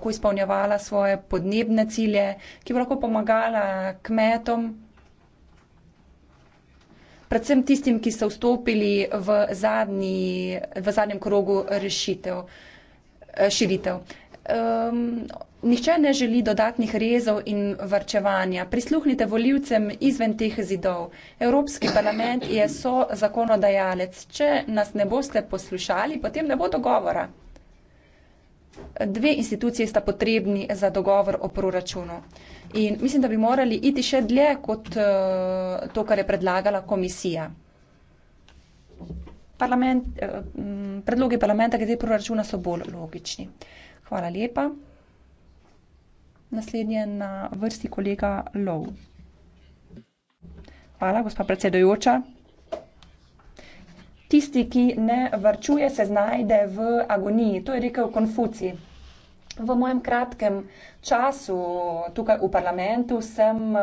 lahko izpolnjevala svoje podnebne cilje, ki bo lahko pomagala kmetom, predvsem tistim, ki so vstopili v, zadnji, v zadnjem krogu rešitev, eh, širitev. Um, nihče ne želi dodatnih rezov in varčevanja. Prisluhnite voljivcem izven teh zidov. Evropski parlament je so zakonodajalec. Če nas ne boste poslušali, potem ne bo dogovora dve instituciji sta potrebni za dogovor o proračunu. In mislim, da bi morali iti še dlje kot eh, to, kar je predlagala komisija. Parlament, eh, predlogi parlamenta glede proračuna so bolj logični. Hvala lepa. Naslednji je na vrsti kolega Lov. Hvala, gospa predsedojoča tisti, ki ne varčuje, se znajde v agoniji. To je rekel Konfuci. V mojem kratkem času tukaj v parlamentu sem eh,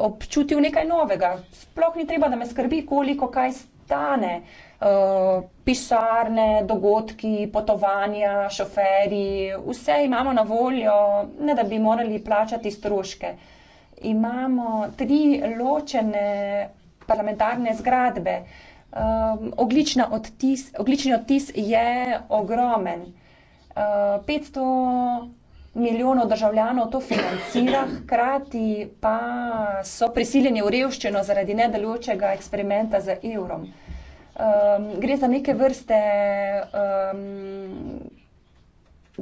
občutil nekaj novega. Sploh ni treba, da me skrbi, koliko kaj stane. Eh, pisarne, dogodki, potovanja, šoferji, vse imamo na voljo, ne da bi morali plačati stroške. Imamo tri ločene parlamentarne zgradbe. Um, oglična odtis, oglični odtis je ogromen. Uh, 500 milijonov državljanov to financira, hkrati pa so prisiljeni v revščino zaradi nedelujočega eksperimenta z evrom. Um, gre za neke vrste um,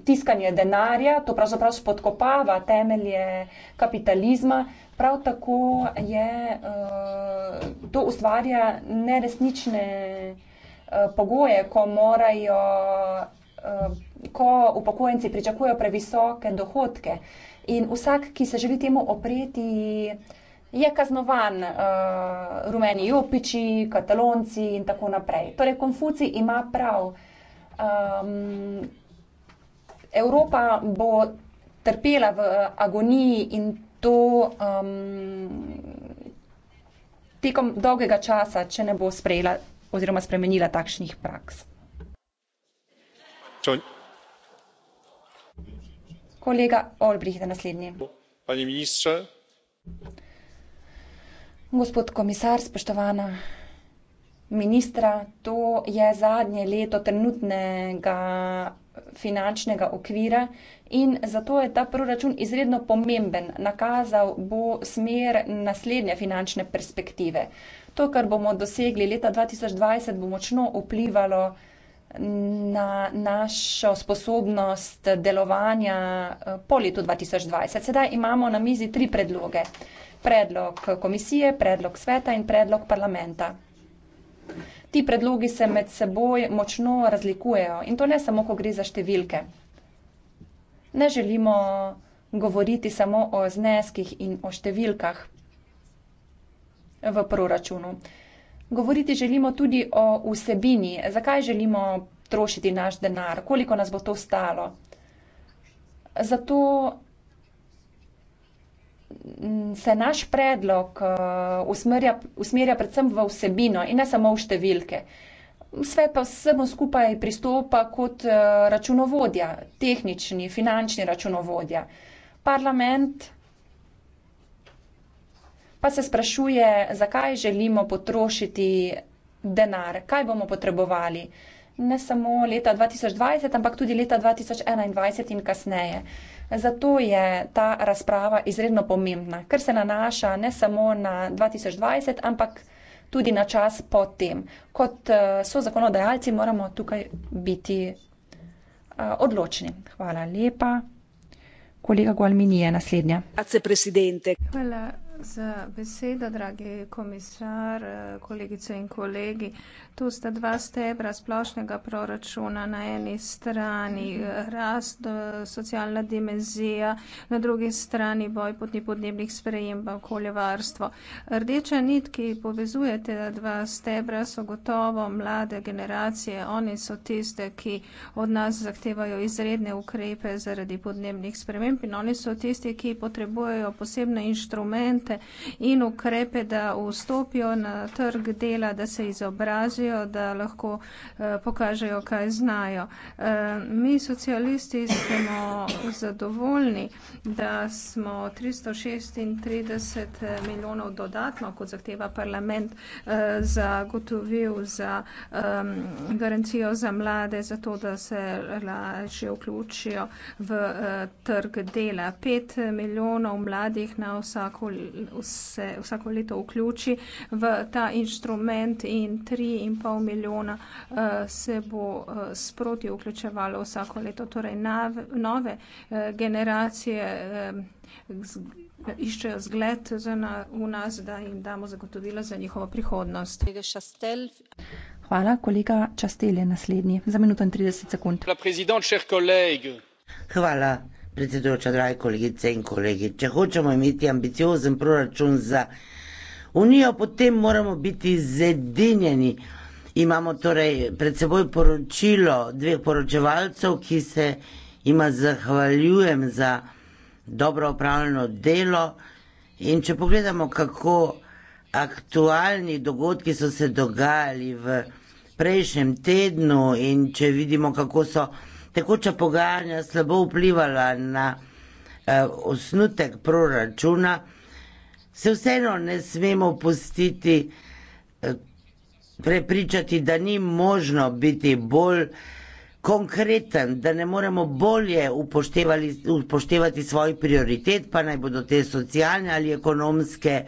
tiskanje denarja, to pravzaprav spodkopava temelje kapitalizma. Prav tako je. Uh, to ustvarja neresnične eh, pogoje, ko morajo, eh, ko upokojenci pričakujejo previsoke dohodke. In vsak, ki se želi temu opreti, je kaznovan, uh, rumeni jopiči, katalonci in tako naprej. Torej, Konfuci ima prav. Um, Evropa bo trpela v agoniji in to um, tekom dolgega časa, če ne bo sprejela oziroma spremenila takšnih praks. Čo... Kolega Olbricht je naslednji. Pani ministrze. Gospod komisar, spoštovana ministra, to je zadnje leto trenutnega finančnega okvira in zato je ta proračun izredno pomemben. Nakazal bo smer naslednje finančne perspektive. To, kar bomo dosegli leta 2020, bo močno vplivalo na našo sposobnost delovanja eh, po letu 2020. Sedaj imamo na mizi tri predloge. Predlog komisije, predlog sveta in predlog parlamenta ti predlogi se med seboj močno razlikujejo in to ne samo, ko gre za številke. Ne želimo govoriti samo o zneskih in o številkah v proračunu. Govoriti želimo tudi o vsebini, zakaj želimo trošiti naš denar, koliko nas bo to stalo. Zato Mm, se naš predlog uh, usmerja, usmerja predvsem v vsebino in ne samo v številke. Svet pa vsemu skupaj pristopa kot uh, računovodja, tehnični, finančni računovodja. Parlament pa se sprašuje, zakaj želimo potrošiti denar, kaj bomo potrebovali. Ne samo leta 2020, ampak tudi leta 2021 in kasneje. Uh, Zato je ta razprava izredno pomembna, ker se nanaša ne samo na 2020, ampak tudi na čas potem. Kot eh, so zakonodajalci, moramo tukaj biti eh, odločni. Hvala lepa. Kolega Gualmini je naslednja. Hvala za besedo, dragi komisar, kolegice in kolegi. Tu sta dva stebra splošnega proračuna. Na eni strani rast, eh, socialna dimenzija, na drugi strani boj proti podnebnih sprejem, okoljevarstvo. Rdeča nit, ki povezuje te dva stebra, so gotovo mlade generacije. Oni so tiste, ki od nas zahtevajo izredne ukrepe zaradi podnebnih sprememb in oni so tisti, ki potrebujejo posebne inštrumente, talente in ukrepe, da vstopijo na trg dela, da se izobrazijo, da lahko eh, pokažejo, kaj znajo. Eh, mi socialisti smo zadovoljni, da smo 336 milijonov dodatno, kot zahteva parlament, eh, zagotovil za garancijo za mlade, za to, da se lažje vključijo v trg dela. 5 milijonov mladih na vsako vse, vsako leto vključi v ta inštrument in 3,5 milijona eh, se bo eh, sproti vključevalo vsako leto. Torej nove, nove eh, generacije iščejo zgled na, v nas, da jim damo zagotovila za njihovo prihodnost. Hvala, kolega Častel je naslednji. Za minuto in 30 sekund. Hvala predsedujoča, drage kolegice in kolegi. Če hočemo imeti ambiciozen proračun za Unijo, potem moramo biti zedinjeni. Imamo torej pred seboj poročilo dveh poročevalcev, ki se ima zahvaljujem za dobro opravljeno delo. In če pogledamo, kako aktualni dogodki so se dogajali v prejšnjem tednu in če vidimo, kako so tekoča pogajanja slabo vplivala na eh, osnutek proračuna, se vseeno ne smemo pustiti eh, prepričati, da ni možno biti bolj konkreten, da ne moremo bolje upoštevati svojih prioritet, pa naj bodo te socialne ali ekonomske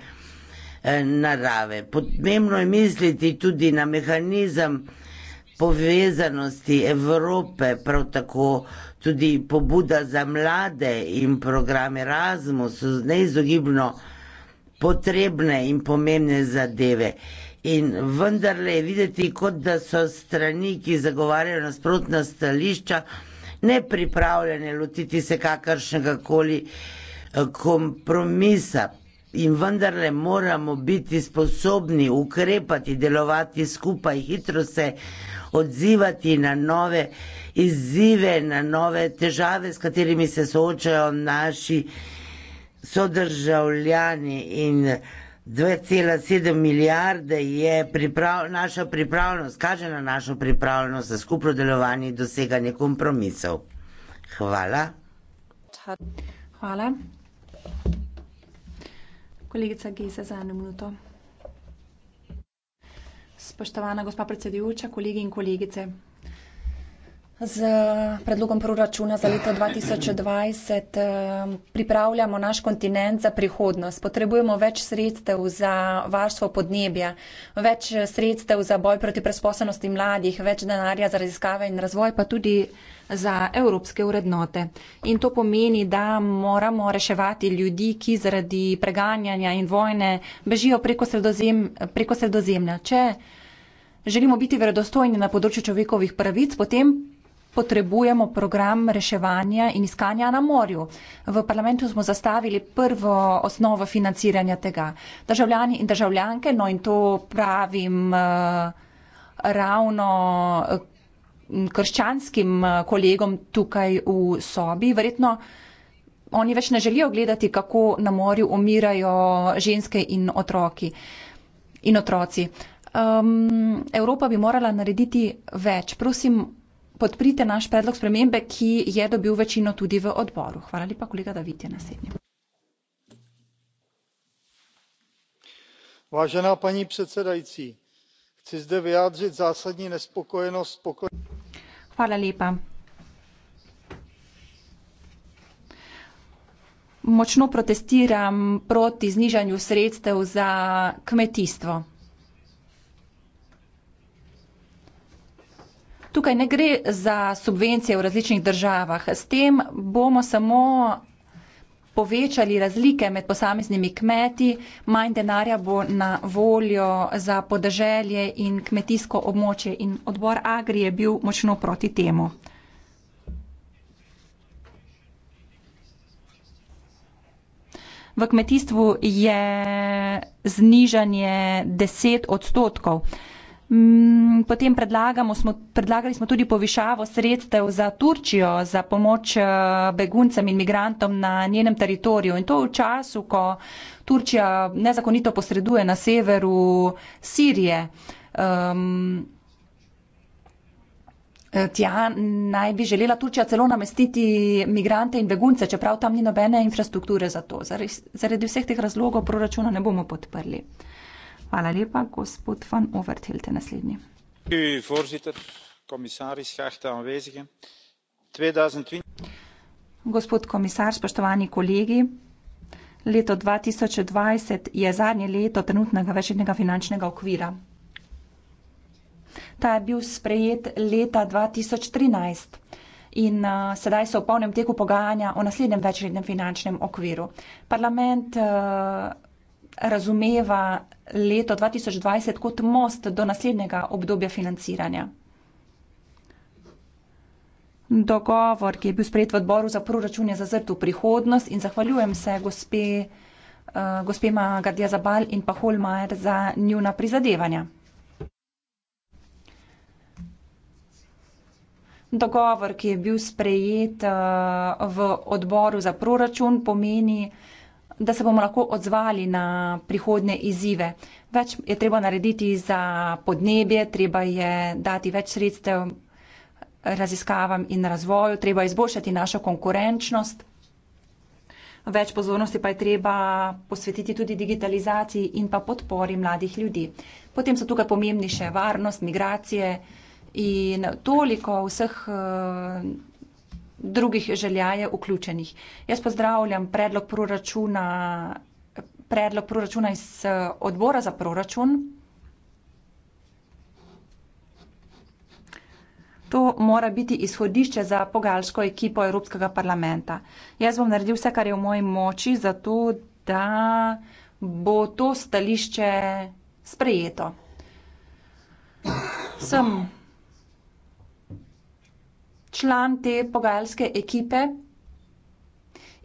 eh, narave. Potrebno je misliti tudi na mehanizem, povezanosti Evrope, prav tako tudi pobuda za mlade in program Erasmus so neizogibno potrebne in pomembne zadeve. In vendarle je videti, kot da so strani, ki zagovarjajo nasprotna stališča, ne pripravljene lotiti se kakršnega koli eh, kompromisa. In vendarle moramo biti sposobni ukrepati, delovati skupaj, hitro se odzivati na nove izzive, na nove težave, s katerimi se soočajo naši sodržavljani in 2,7 milijarde je priprav, naša pripravnost, kaže na našo pripravnost za skupno delovanje in doseganje kompromisov. Hvala. Hvala. Kolegica Gesa za eno minuto. Spoštovana gospa predsedujoča, kolegi in kolegice. Z predlogom proračuna za leto 2020 ehm, pripravljamo naš kontinent za prihodnost. Potrebujemo več sredstev za varstvo podnebja, več sredstev za boj proti presposobnosti mladih, več denarja za raziskave in razvoj, pa tudi za evropske urednote. In to pomeni, da moramo reševati ljudi, ki zaradi preganjanja in vojne bežijo preko, sredozem, preko sredozemlja. Če želimo biti verodostojni na področju človekovih pravic, potem potrebujemo program reševanja in iskanja na morju. V parlamentu smo zastavili prvo osnovo financiranja tega. Državljani in državljanke, no in to pravim eh, ravno eh, krščanskim eh, kolegom tukaj v sobi, verjetno oni več ne želijo gledati, kako na morju umirajo ženske in otroki in otroci. Um, Evropa bi morala narediti več. Prosim, podprite naš predlog spremembe, ki je dobil večino tudi v odboru. Hvala lepa, kolega David, je naslednji. Vážená paní předsedající, chci zde vyjádřit zásadní nespokojenost. Pokoj... Hvala lepa. Močno protestiram proti znižanju sredstev za kmetijstvo. Tukaj ne gre za subvencije v različnih državah. S tem bomo samo povečali razlike med posameznimi kmeti, manj denarja bo na voljo za podeželje in kmetijsko območje in odbor Agri je bil močno proti temu. V kmetijstvu je znižanje 10 odstotkov. Mm, potem predlagamo, smo, predlagali smo tudi povišavo sredstev za Turčijo, za pomoč eh, beguncem in migrantom na njenem teritoriju. In to v času, ko Turčija nezakonito posreduje na severu Sirije. Um, Tja naj bi želela Turčija celo namestiti migrante in begunce, čeprav tam ni nobene infrastrukture za to. Zaradi, zaradi vseh teh razlogov proračuna ne bomo podprli. Hvala lepa. Gospod van Overtelt je naslednji. Gospod komisar, spoštovani kolegi. Leto dva tisoč dvajset je zadnje leto trenutnega večletnega finančnega okvira. Ta je bil sprejet leta dva tisoč trinajst in uh, sedaj so v polnem teku pogajanja o naslednjem večletnem finančnem okviru. Parlament uh, razumeva leto 2020 kot most do naslednjega obdobja financiranja. Dogovor, ki je bil sprejet v odboru za proračun, je zazrt v prihodnost in zahvaljujem se gospe, uh, gospe Magadija Zabal in pa Holmajer za njuna prizadevanja. Dogovor, ki je bil sprejet uh, v odboru za proračun, pomeni, uh, da se bomo lahko odzvali na prihodne izzive. Več je treba narediti za podnebje, treba je dati več sredstev raziskavam in razvoju, treba izboljšati našo konkurenčnost. Več pozornosti pa je treba posvetiti tudi digitalizaciji in pa podpori mladih ljudi. Potem so tukaj pomembni še varnost, migracije in toliko vseh eh, drugih želja je vključenih. Jaz pozdravljam predlog proračuna, predlog proračuna iz odbora za proračun. To mora biti izhodišče za pogalsko ekipo Evropskega parlamenta. Jaz bom naredil vse, kar je v moji moči, zato da bo to stališče sprejeto. Sem član te pogajalske ekipe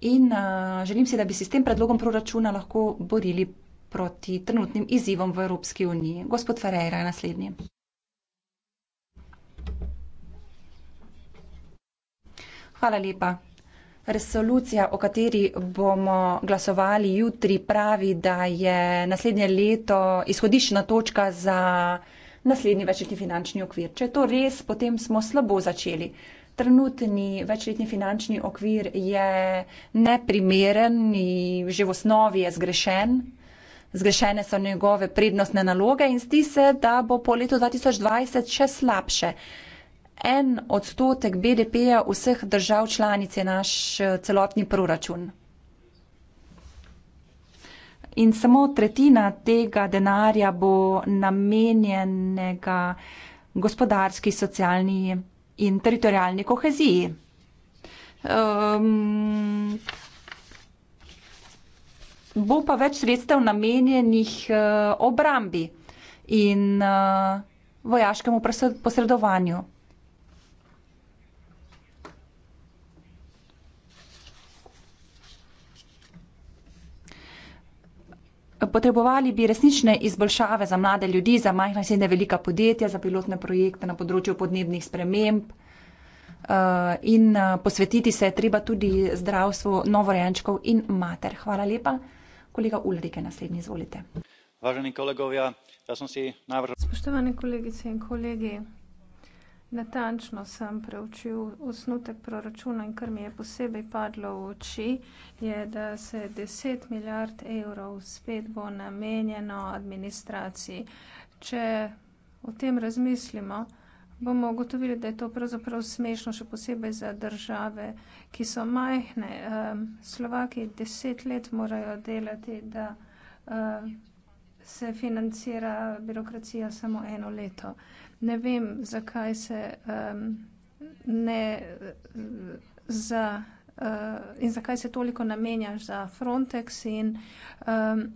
in uh, želim si, da bi se s tem predlogom proračuna lahko borili proti trenutnim izzivom v Evropski uniji. Gospod Ferreira je naslednji. Hvala lepa. Resolucija, o kateri bomo glasovali jutri, pravi, da je naslednje leto izhodiščna točka za naslednji večletni finančni okvir. Če je to res, potem smo slabo začeli. Trenutni večletni finančni okvir je neprimeren in že v osnovi je zgrešen. Zgrešene so njegove prednostne naloge in zdi se, da bo po letu 2020 še slabše. En odstotek BDP-ja vseh držav članic je naš eh, celotni proračun in samo tretjina tega denarja bo namenjenega gospodarski, socialni in teritorijalni koheziji. Um, bo pa več sredstev namenjenih uh, obrambi in uh, vojaškemu posredovanju. Potrebovali bi resnične izboljšave za mlade ljudi, za majhna in srednja velika podjetja, za pilotne projekte na področju podnebnih sprememb eh, in eh, posvetiti se je treba tudi zdravstvu novorojenčkov in mater. Hvala lepa. Kolega Ulrike, naslednji izvolite. Spoštovani kolegice in kolegi, Natančno sem preučil osnutek proračuna in kar mi je posebej padlo v oči, je, da se 10 milijard evrov spet bo namenjeno administraciji. Če o tem razmislimo, bomo ugotovili, da je to pravzaprav smešno, še posebej za države, ki so majhne. Slovaki 10 let morajo delati, da eh, se financira birokracija samo eno leto ne vem, zakaj se um, ne za uh, in zakaj se toliko namenjaš za Frontex in um,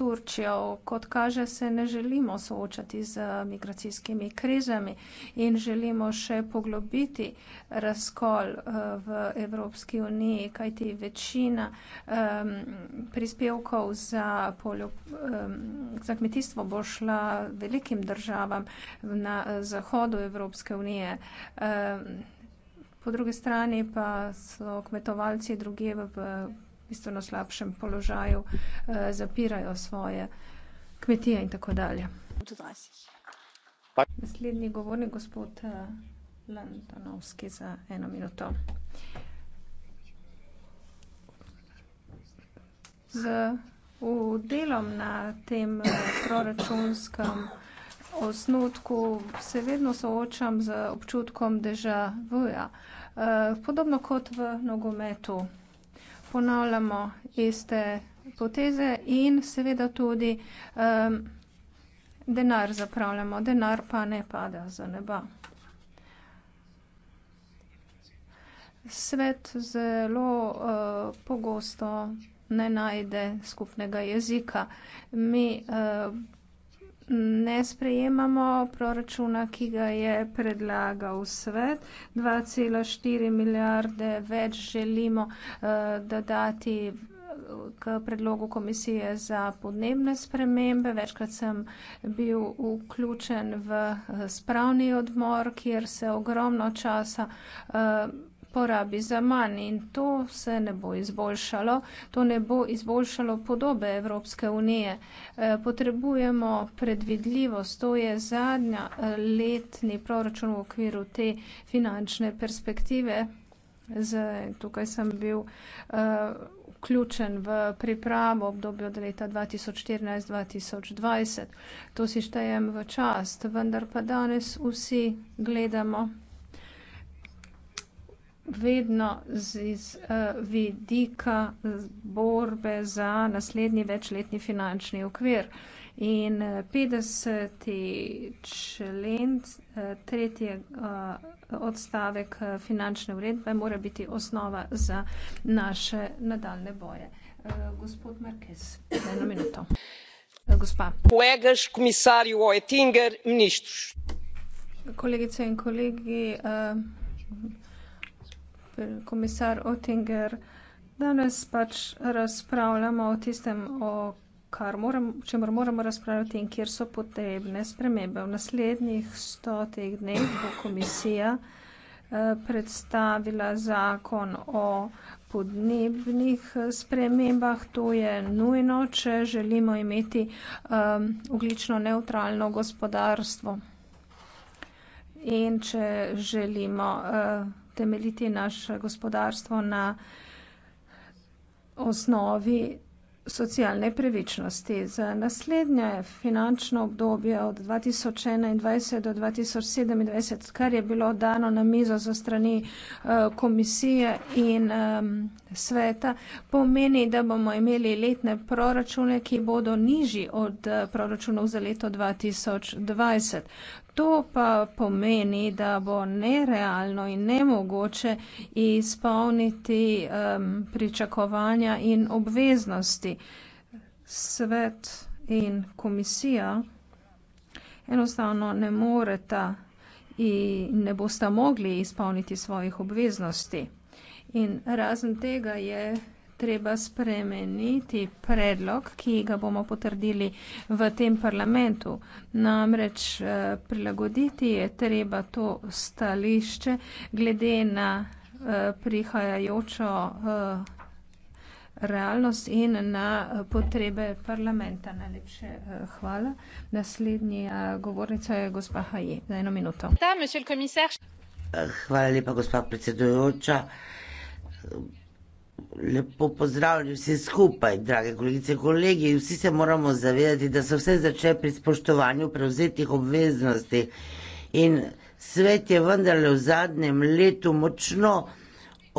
Turčijo. Kot kaže, se ne želimo soočati z migracijskimi krizami in želimo še poglobiti razkol eh, v Evropski uniji, kajti večina um, prispevkov za, poljo, um, za kmetijstvo bo šla velikim državam na eh, zahodu Evropske unije. Um, po drugi strani pa so kmetovalci druge v. v bistveno slabšem položaju, eh, zapirajo svoje kmetije in tako dalje. Naslednji govornik, gospod eh, Lantanovski za eno minuto. Z delom na tem eh, proračunskem osnutku se vedno soočam z občutkom deja vuja. Podobno kot v nogometu ponavljamo iste poteze in seveda tudi um, denar zapravljamo. Denar pa ne pada za neba. Svet zelo uh, pogosto ne najde skupnega jezika. Mi uh, ne sprejemamo proračuna, ki ga je predlagal svet. 2,4 milijarde več želimo uh, dodati k predlogu komisije za podnebne spremembe. Večkrat sem bil vključen v eh, spravni odmor, kjer se ogromno časa. Uh, porabi za manj in to se ne bo izboljšalo. To ne bo izboljšalo podobe Evropske unije. E, potrebujemo predvidljivost. To je zadnja e, letni proračun v okviru te finančne perspektive. Zdaj, tukaj sem bil e, vključen v pripravo obdobja od leta 2014-2020. To si štejem v čast, vendar pa danes vsi gledamo vedno z, z uh, eh, vidika borbe za naslednji večletni finančni okvir. In 50. Eh, člen eh, tretji odstavek finančne uredbe mora biti osnova za naše nadaljne boje. Gospod Marquez, eno minuto. Gospa. Kolegaš, komisarju Oettinger, ministrš. Kolegice in kolegi, komisar Ottinger. Danes pač razpravljamo o tistem, o kar moramo, če moramo razpravljati in kjer so potrebne spremembe. V naslednjih stotih dneh bo komisija eh, predstavila zakon o podnebnih eh, spremembah. To je nujno, če želimo imeti um, eh, oglično neutralno gospodarstvo in če želimo uh, temeljiti naše gospodarstvo na osnovi socialne previčnosti. Za naslednje finančno obdobje od 2021 do 2027, kar je bilo dano na mizo za strani eh, komisije in sveta, pomeni, da bomo imeli letne proračune, ki bodo nižji od eh, proračunov za leto 2020. To pa pomeni, da bo nerealno in nemogoče izpolniti um, pričakovanja in obveznosti. Svet in komisija enostavno ne moreta in ne bosta mogli izpolniti svojih obveznosti. In razen tega je treba spremeniti predlog, ki ga bomo potrdili v tem parlamentu. Namreč eh, prilagoditi je treba to stališče glede na eh, prihajajočo eh, realnost in na potrebe parlamenta. Najlepše hvala. Naslednja govornica je gospa Haji. Za eno minuto. Hvala lepa, gospa predsedujoča. Lepo pozdravljeni vsi skupaj, drage kolegice in kolegi. Vsi se moramo zavedati, da se vse začne pri spoštovanju prevzetih obveznosti. In svet je vendarle v zadnjem letu močno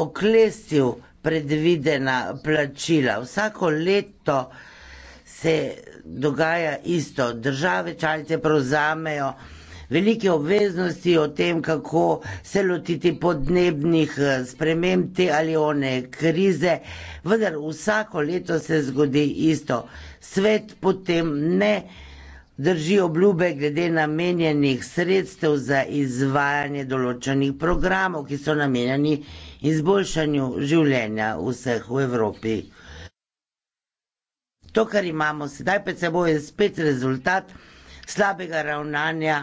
oklestil predvidena plačila. Vsako leto se dogaja isto. Države članice prevzamejo velike obveznosti o tem, kako se lotiti podnebnih eh, sprememb te ali one krize, vendar vsako leto se zgodi isto. Svet potem ne drži obljube glede namenjenih sredstev za izvajanje določenih programov, ki so namenjeni izboljšanju življenja vseh v Evropi. To, kar imamo sedaj pred seboj, je spet rezultat slabega ravnanja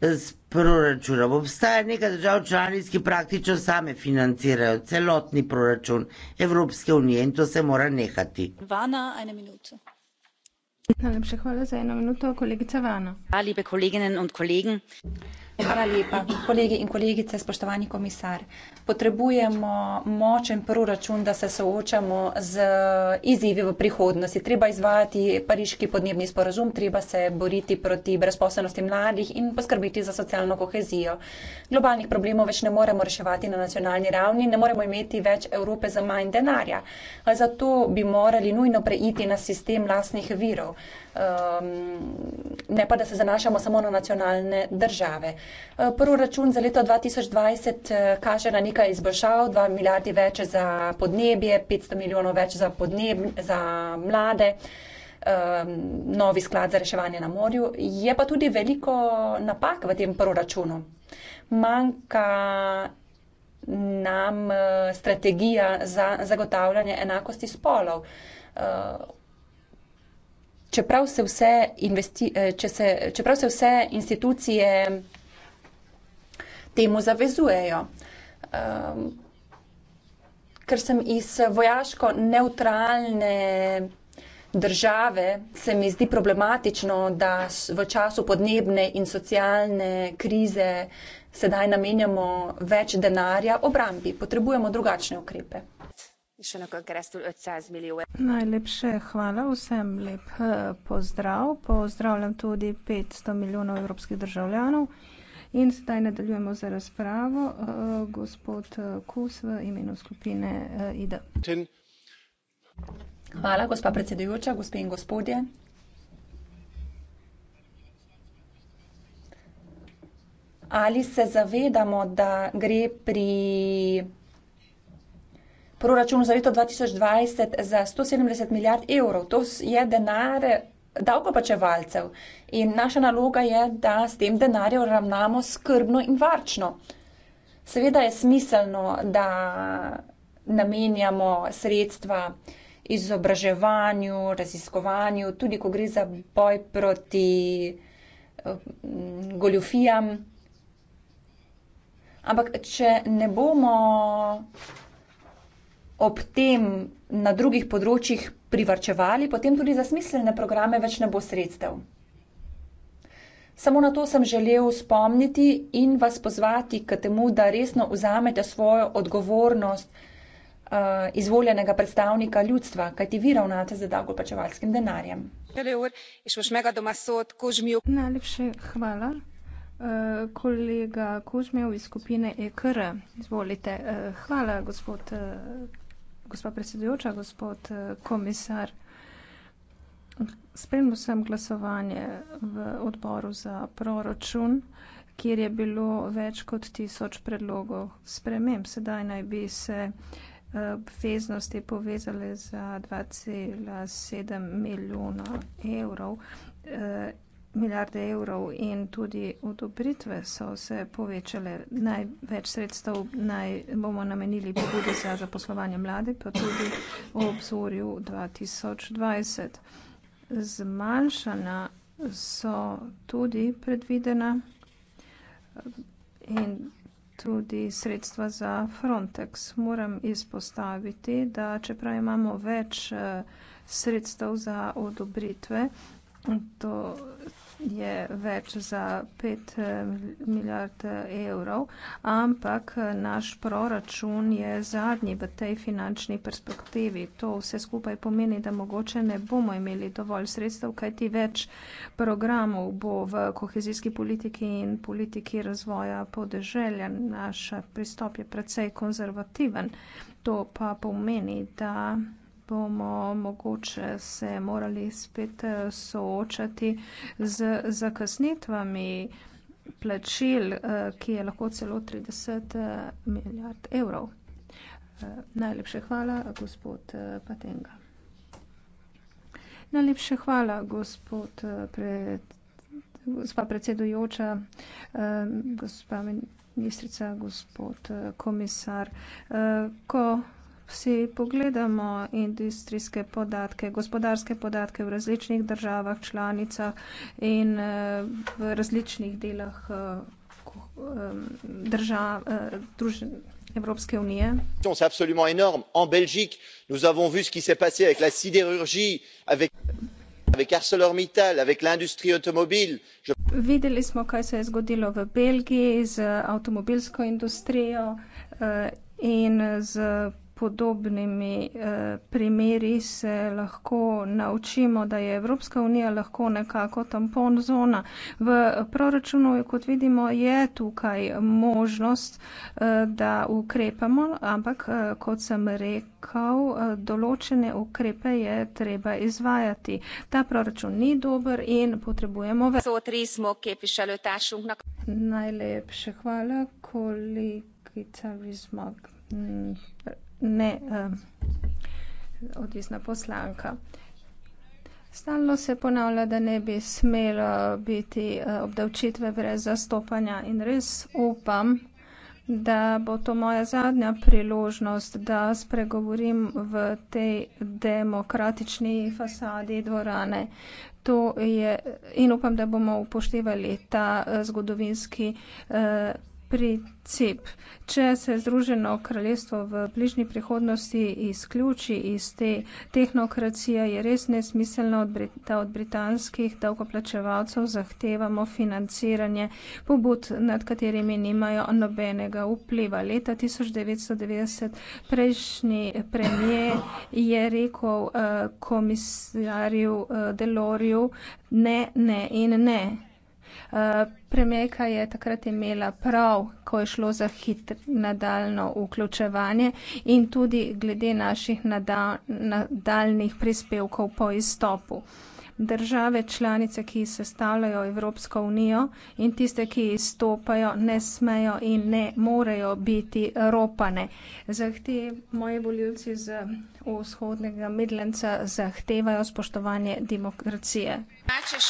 s proračunom. Obstaja nekaj držav članic, ki praktično same financirajo celotni proračun Evropske unije in to se mora nehati. Vana, ena minuta. Najlepša hvala za eno minuto, kolegica Vana. Ja, lepe kolegine in kolegi. Ja, hvala lepa, kolegi in kolegice, spoštovani komisar. Potrebujemo močen proračun, da se soočamo z izzivi v prihodnosti. Treba izvajati pariški podnebni sporazum, treba se boriti proti brezposobnosti mladih in poskrbiti za socialno kohezijo. Globalnih problemov več ne moremo reševati na nacionalni ravni, ne moremo imeti več Evrope za manj denarja. Zato bi morali nujno preiti na sistem lasnih virov um, ne pa da se zanašamo samo na nacionalne države. Ehm, Prvi račun za leto 2020 eh, kaže na nekaj izboljšav, 2 milijardi več za podnebje, 500 milijonov več za, podneb, za mlade. Um, novi sklad za reševanje na morju. Je pa tudi veliko napak v tem proračunu. Manjka nam uh, strategija za zagotavljanje enakosti spolov. Uh, čeprav se vse, investi, eh, če se, čeprav se vse institucije temu zavezujejo. Um, ker sem iz vojaško neutralne države, se mi zdi problematično, da v času podnebne in socialne krize sedaj namenjamo več denarja obrambi. Potrebujemo drugačne ukrepe és önökön keresztül 500 millió. E- Najlepše hvala, vsem lep eh, pozdrav. Pozdravljam tudi 500 milijonov evropskih državljanov. In sedaj nadaljujemo za razpravo. Eh, gospod eh, Kus v imenu skupine ID. Hvala, gospa predsedujoča, gospe in gospodje. Ali se zavedamo, da gre pri proračun za leto 2020 za 170 milijard evrov. To je denar eh, davkoplačevalcev in naša naloga je, da s tem denarjem ravnamo skrbno in varčno. Seveda je smiselno, da namenjamo sredstva izobraževanju, raziskovanju, tudi ko gre za boj proti eh, goljufijam. Ampak, če ne bomo ob tem na drugih področjih privrčevali, potem tudi za smiselne programe več ne bo sredstev. Samo na to sem želel spomniti in vas pozvati k temu, da resno vzamete svojo odgovornost uh, izvoljenega predstavnika ljudstva, kajti vi ravnate z davkoplačevalskim denarjem. Najlepše hvala. Uh, kolega Kožmev iz skupine EKR, izvolite. Uh, hvala, gospod uh, gospa predsedujoča, gospod eh, komisar. Spremljal sem glasovanje v odboru za proračun, kjer je bilo več kot tisoč predlogov sprememb. Sedaj naj bi se eh, obveznosti povezale za 2,7 milijona evrov. Eh, milijarde evrov in tudi odobritve so se povečale. Največ sredstev naj bomo namenili pobudi za zaposlovanje mlade, pa tudi v obzorju 2020. Zmanjšana so tudi predvidena in tudi sredstva za Frontex. Moram izpostaviti, da čeprav imamo več eh, sredstev za odobritve, to je več za 5 eh, milijard eh, evrov, ampak eh, naš proračun je zadnji v tej finančni perspektivi. To vse skupaj pomeni, da mogoče ne bomo imeli dovolj sredstev, kajti več programov bo v kohezijski politiki in politiki razvoja podeželja. Naš pristop je precej konzervativen. To pa pomeni, da bomo mogoče se morali spet eh, soočati z zakasnitvami plačil, eh, ki je lahko celo 30 eh, milijard evrov. Najlepše hvala, gospod Patenga. Najlepše hvala, gospod pred, gospa predsedujoča, gospa ministrica, gospod komisar. Ko Vsi pogledamo industrijske podatke, gospodarske podatke v različnih državah, članicah in eh, v različnih delah eh, eh, držav, družin. Evropske unije. C'est absolument énorme. En Belgique, nous avons vu ce qui s'est passé avec la sidérurgie, avec, avec ArcelorMittal, avec l'industrie automobile. Je... Videli smo, kaj se je zgodilo v Belgiji z avtomobilsko industrijo uh, in z podobnimi eh, primeri se lahko naučimo, da je Evropska unija lahko nekako tampon zona. V proračunu, kot vidimo, je tukaj možnost, eh, da ukrepamo, ampak eh, kot sem rekel, določene ukrepe je treba izvajati. Ta proračun ni dober in potrebujemo več. Najlepše hvala, kolegica Rizmog ne, odvisna poslanka. Stalno se ponavlja, da ne bi smelo biti eh, obdavčitve brez zastopanja in res upam, da bo to moja zadnja priložnost, da spregovorim v tej demokratični fasadi dvorane. To je, in upam, da bomo upoštevali ta eh, zgodovinski eh, princip. Če se Združeno kraljestvo v bližnji prihodnosti izključi iz te tehnokracije, je res nesmiselno, da od britanskih davkoplačevalcev zahtevamo financiranje pobud, nad katerimi nimajo nobenega vpliva. Leta 1990 prejšnji premije je rekel eh, komisarju eh, Delorju ne, ne in ne. Premijerka je takrat imela prav, ko je šlo za hitr nadaljno vključevanje in tudi glede naših nadal nadaljnih prispevkov po izstopu. Države članice, ki sestavljajo Evropsko unijo in tiste, ki izstopajo, ne smejo in ne morejo biti ropane. Zahte, moji voljivci z vzhodnega Midlenca zahtevajo spoštovanje demokracije. Načeš.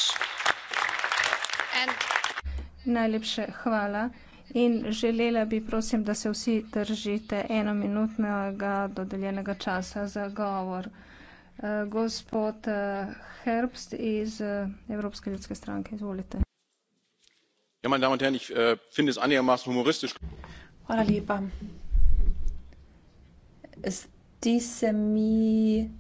Najlepše hvala. In želela bi, prosim, da se vsi držite enominutnega dodeljenega časa za govor. Eh, gospod eh, Herbst iz eh, Evropske ljudske stranke, izvolite. Ja, äh, hvala lepa. Zdi se mi,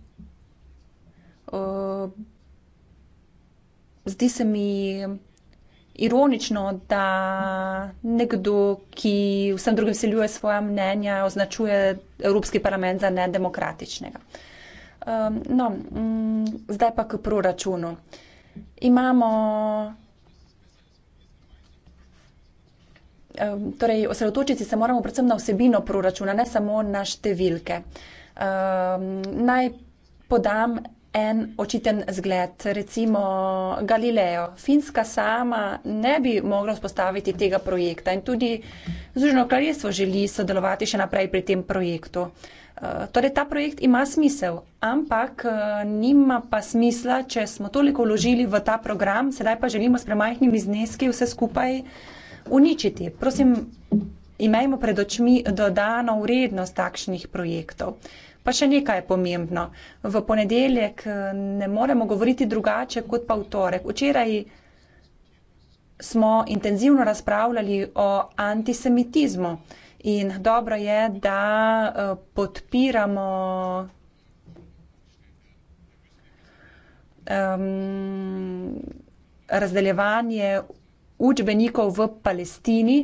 zdi se mi ironično, da nekdo, ki vsem drugim seljuje svoja mnenja, označuje Evropski parlament za nedemokratičnega. Um, no, mm, zdaj pa k proračunu. Imamo um, torej osredotočiti se moramo predvsem na vsebino proračuna, ne samo na številke. Um, naj podam en očiten zgled, recimo Galileo. Finska sama ne bi mogla vzpostaviti tega projekta in tudi Združeno kraljestvo želi sodelovati še naprej pri tem projektu. Eh, torej, ta projekt ima smisel, ampak eh, nima pa smisla, če smo toliko vložili v ta program, sedaj pa želimo s premajhnimi zneski vse skupaj uničiti. Prosim, imejmo pred očmi dodano vrednost takšnih projektov. Pa še nekaj je pomembno. V ponedeljek eh, ne moremo govoriti drugače kot pa v torek. Včeraj smo intenzivno razpravljali o antisemitizmu in dobro je, da eh, podpiramo um, razdeljevanje učbenikov v Palestini,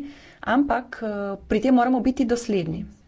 ampak eh, pri tem moramo biti dosledni.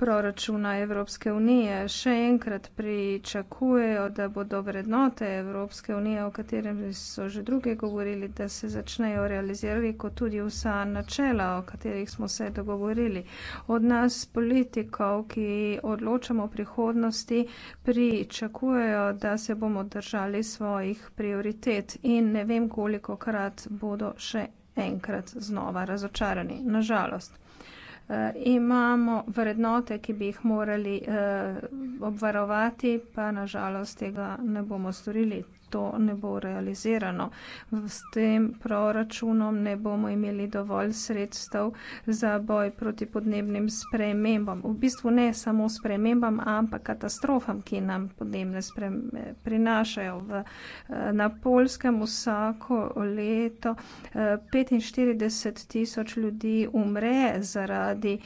proračuna Evropske unije. Še enkrat pričakujejo, da bodo vrednote Evropske unije, o katerem so že druge govorili, da se začnejo realizirati, kot tudi vsa načela, o katerih smo se dogovorili. Od nas politikov, ki odločamo prihodnosti, pričakujejo, da se bomo držali svojih prioritet in ne vem, koliko krat bodo še enkrat znova razočarani. Nažalost. Eh, imamo vrednote, ki bi jih morali eh, obvarovati, pa nažalost tega ne bomo storili to ne bo realizirano. S tem proračunom ne bomo imeli dovolj sredstev za boj proti podnebnim spremembam. V bistvu ne samo spremembam, ampak katastrofam, ki nam podnebne spremembe prinašajo. V, na Polskem vsako leto 45 tisoč ljudi umre zaradi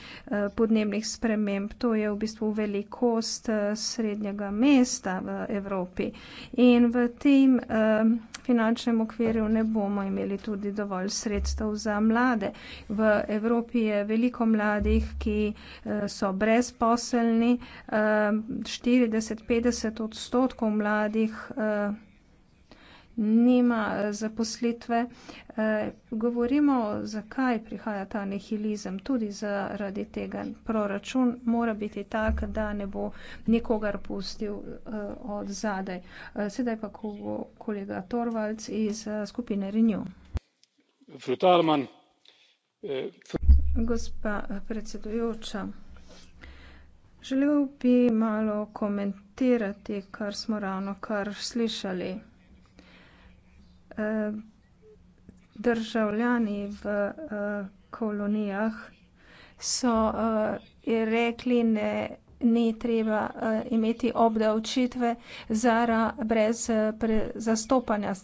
podnebnih sprememb. To je v bistvu velikost srednjega mesta v Evropi. In v tem tem um, finančnem okviru ne bomo imeli tudi dovolj sredstev za mlade. V Evropi je veliko mladih, ki uh, so brezposelni. Um, 40-50 odstotkov mladih. Uh, nima eh, zaposlitve. Eh, govorimo, zakaj prihaja ta nihilizem. Tudi zaradi tega proračun mora biti tak, da ne bo nikogar pustil eh, od zadaj. Sedaj pa kolega Torvalc iz skupine Renew. Frutalman. Gospa predsedujoča, želel bi malo komentirati, kar smo ravno kar slišali. Eh, državljani v eh, kolonijah, so eh, rekli, ne, ni treba imeti obdavčitve zara brez zastopanja.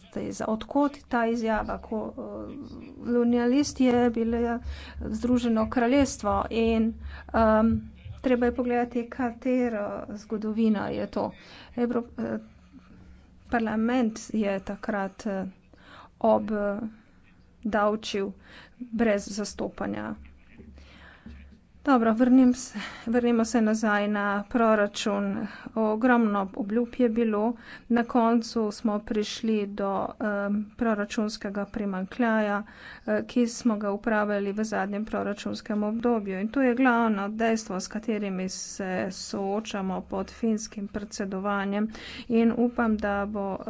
Odkot ta izjava? Kolonialist je bilo Združeno kraljestvo in um, treba je pogledati, katera zgodovina je to. Evrop, eh, parlament je takrat eh, obdavčil brez zastopanja. Dobro, vrnem se, vrnemo se nazaj na proračun. Ogromno obljub je bilo. Na koncu smo prišli do um, proračunskega primankljaja, uh, ki smo ga upravili v zadnjem proračunskem obdobju. In to je glavno dejstvo, s katerimi se soočamo pod finskim predsedovanjem. In upam, da bo. Uh,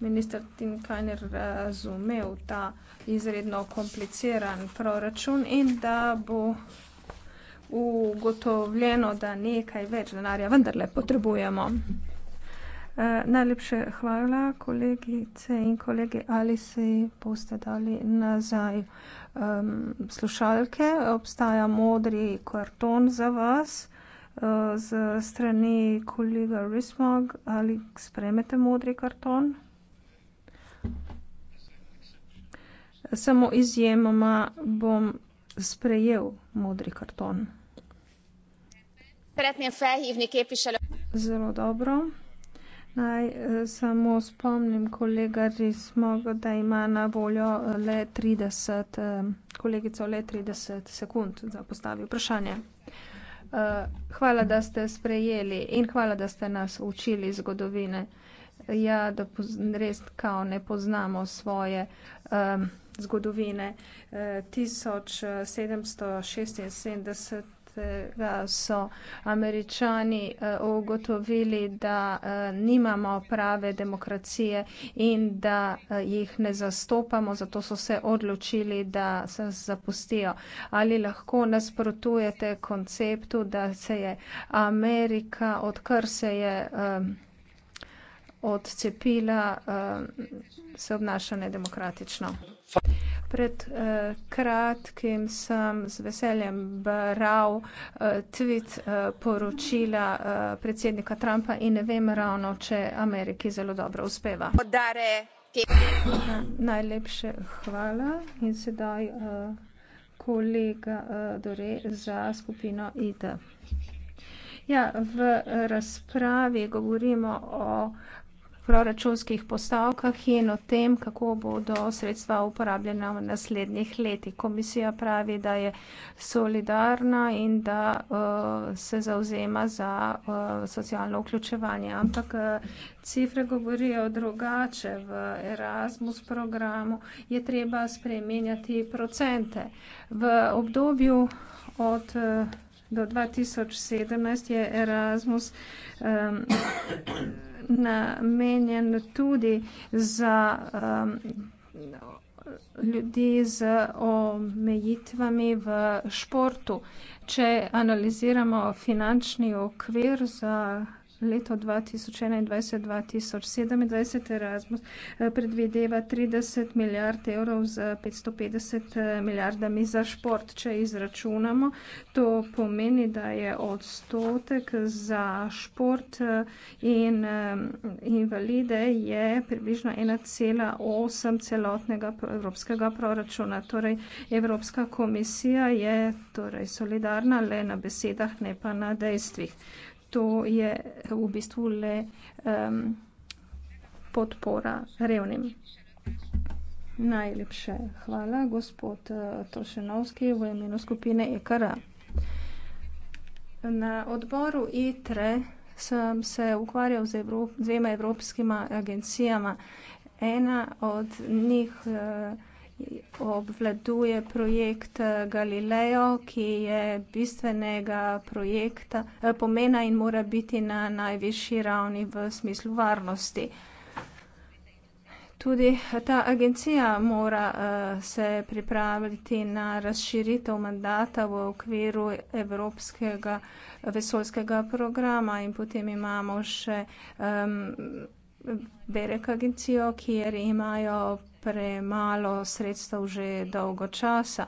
minister Tinkajner razumel ta izredno kompliciran proračun in da bo ugotovljeno, da nekaj več denarja vendarle potrebujemo. Eh, najlepše hvala, kolegice in kolegi, ali se boste dali nazaj um, slušalke. Obstaja modri karton za vas z eh, strani kolega Rismog ali spremete modri karton. samo izjemoma bom sprejel modri karton. Zelo dobro. Naj eh, samo spomnim kolega Rismog, da ima na voljo eh, le 30, eh, kolegico le 30 sekund za postavi vprašanje. Hvala, da ste sprejeli in hvala, da ste nas učili zgodovine. Ja, da res kao ne poznamo svoje um, zgodovine. 1776 eh, so američani eh, ugotovili, da eh, nimamo prave demokracije in da jih ne zastopamo, zato so se odločili, da se zapustijo. Ali lahko nasprotujete konceptu, da se je Amerika, odkar se je odcepila, eh, se obnaša nedemokratično. Pred uh, kratkim sem z veseljem bral uh, tweet uh, poročila uh, predsednika Trumpa in ne vem ravno, če Ameriki zelo dobro uspeva. Podare te. Najlepše hvala in sedaj uh, kolega uh, Dore za skupino ID. Ja, v razpravi govorimo o uh, proračunskih postavkah in o tem, kako bodo sredstva uporabljena v naslednjih letih. Komisija pravi, da je solidarna in da uh, se zauzema za uh, socialno vključevanje, ampak uh, cifre govorijo drugače. V Erasmus programu je treba spremenjati procente. V obdobju od. Uh, Do 2017 je Erasmus um, namenjen tudi za um, ljudi z omejitvami v športu. Če analiziramo finančni okvir za leto 2021-2027 Erasmus eh, predvideva 30 milijard evrov z 550 eh, milijardami za šport. Če izračunamo, to pomeni, da je odstotek za šport eh, in invalide je približno 1,8 celotnega evropskega proračuna. Torej, Evropska komisija je torej, solidarna le na besedah, ne pa na dejstvih to je v bistvu le um, podpora revnim. Najlepše hvala, gospod eh, Tošenovski, v imenu skupine EKR. Na odboru ITRE e sem se ukvarjal z Evrop, dvema evropskima agencijama. Ena od njih uh, obvladuje projekt eh, Galileo, ki je bistvenega projekta eh, pomena in mora biti na najvišji ravni v smislu varnosti. Tudi ta agencija mora uh, se pripraviti na razširitev mandata v okviru Evropskega vesolskega programa in potem imamo še um, Berek agencijo, kjer imajo premalo sredstev že dolgo časa.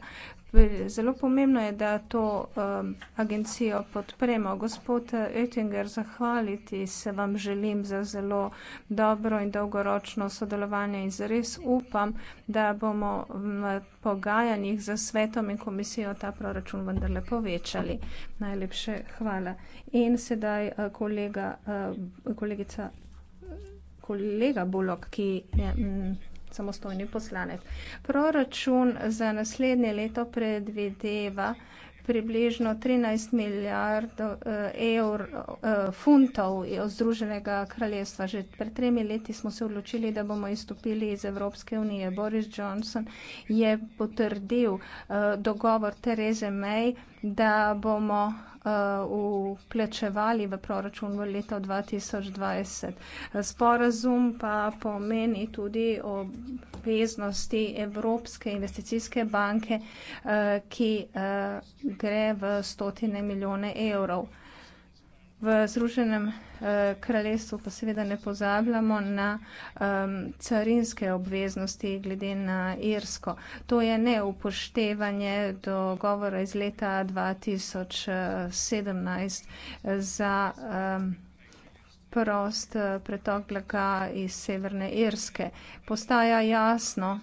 Zelo pomembno je, da to um, agencijo podpremo. Gospod Oettinger, zahvaliti se vam želim za zelo dobro in dolgoročno sodelovanje in zares upam, da bomo v pogajanjih za svetom in komisijo ta proračun vendarle povečali. Najlepše hvala. In sedaj uh, kolega, uh, kolegica, kolega Bulok, ki je. Mm, samostojni poslanec. Proračun za naslednje leto predvideva približno 13 milijard eh, evr, eh, funtov od Združenega kraljestva. Že pred tremi leti smo se odločili, da bomo izstopili iz Evropske unije. Boris Johnson je potrdil eh, dogovor Tereze May, da bomo Uh, vplečevali v proračun v leto 2020. Sporazum pa pomeni tudi obveznosti Evropske investicijske banke, uh, ki uh, gre v stotine milijone evrov. V Združenem eh, kraljestvu pa seveda ne pozabljamo na eh, carinske obveznosti glede na Irsko. To je neupoštevanje dogovora iz leta 2017 eh, za eh, prost eh, pretok blaga iz Severne Irske. Postaja jasno,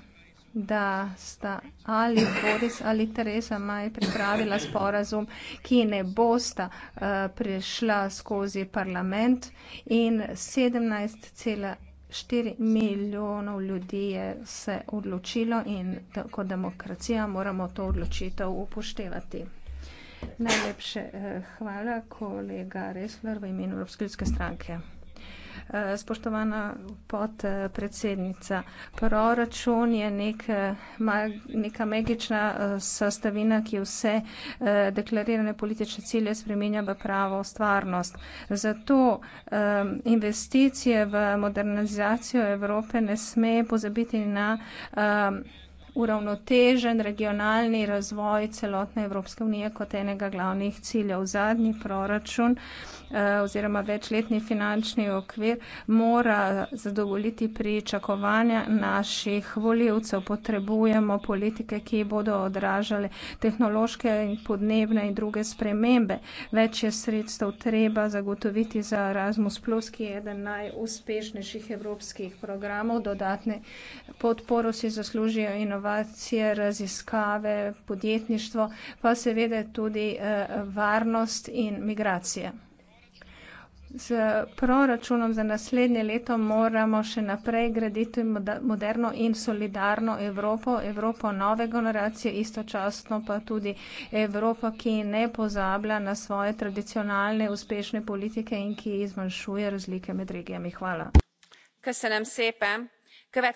da sta ali Boris ali Teresa Maj pripravila sporazum, ki ne bosta uh, prišla skozi parlament in 17,4 milijonov ljudi je se odločilo in kot demokracija moramo to odločitev upoštevati. Najlepše eh, hvala, kolega Resler, v imenu Evropske ljudske stranke. Eh, spoštovana podpredsednica, proračun je nek, eh, neka magična eh, sestavina, ki vse deklarirane politične cilje spreminja v pravo stvarnost. Zato investicije v modernizacijo Evrope ne sme pozabiti na uravnotežen regionalni razvoj celotne Evropske unije kot enega glavnih ciljev. Zadnji proračun eh, oziroma večletni finančni okvir mora zadovoljiti pričakovanja naših voljivcev. Potrebujemo politike, ki bodo odražale tehnološke in podnebne in druge spremembe. Več je sredstev treba zagotoviti za Erasmus+, ki je eden najuspešnejših evropskih programov. Dodatne podporo si zaslužijo inovacije inovacije, raziskave, podjetništvo, pa seveda tudi eh, varnost in migracije. Z proračunom za naslednje leto moramo še naprej graditi moderno in solidarno Evropo, Evropo nove generacije, istočasno pa tudi Evropo, ki ne pozablja na svoje tradicionalne uspešne politike in ki izmanjšuje razlike med regijami. Hvala. Köszönöm szépen. Követ...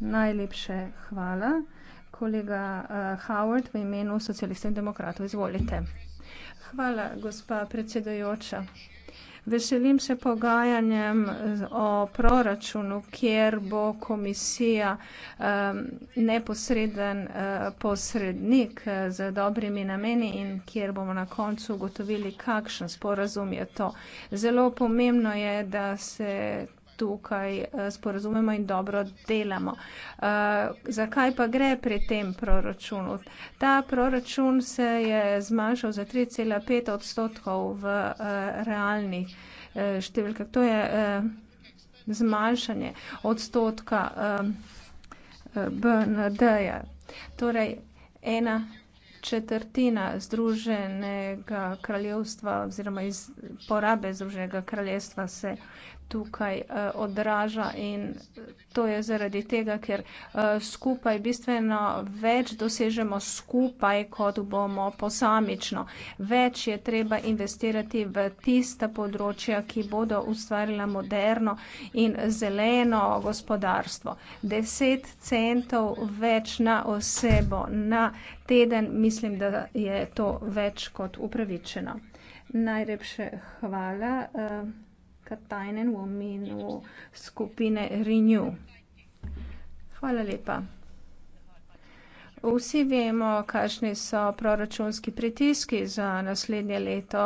Najlepše hvala. Kolega uh, Howard v imenu socialistov in demokratov, izvolite. Hvala, gospa predsedojoča. Veselim se pogajanjem o proračunu, kjer bo komisija um, neposreden uh, posrednik eh, z dobrimi nameni in kjer bomo na koncu ugotovili, kakšen sporazum je to. Zelo pomembno je, da se tukaj eh, sporazumemo in dobro delamo. Eh, zakaj pa gre pri tem proračunu? Ta proračun se je zmanjšal za 3,5 odstotkov v eh, realnih številkah. To je zmanjšanje odstotka BND-ja. Torej, ena četrtina združenega kraljevstva oziroma iz porabe združenega kraljestva se tukaj uh, odraža in to je zaradi tega, ker uh, skupaj bistveno več dosežemo skupaj, kot bomo posamično. Več je treba investirati v tista področja, ki bodo ustvarila moderno in zeleno gospodarstvo. 10 centov več na osebo na teden, mislim, da je to več kot upravičeno. Najlepše hvala. Uh, Katainen v imenu skupine Renew. Hvala lepa. Vsi vemo, kakšni so proračunski pritiski za naslednje leto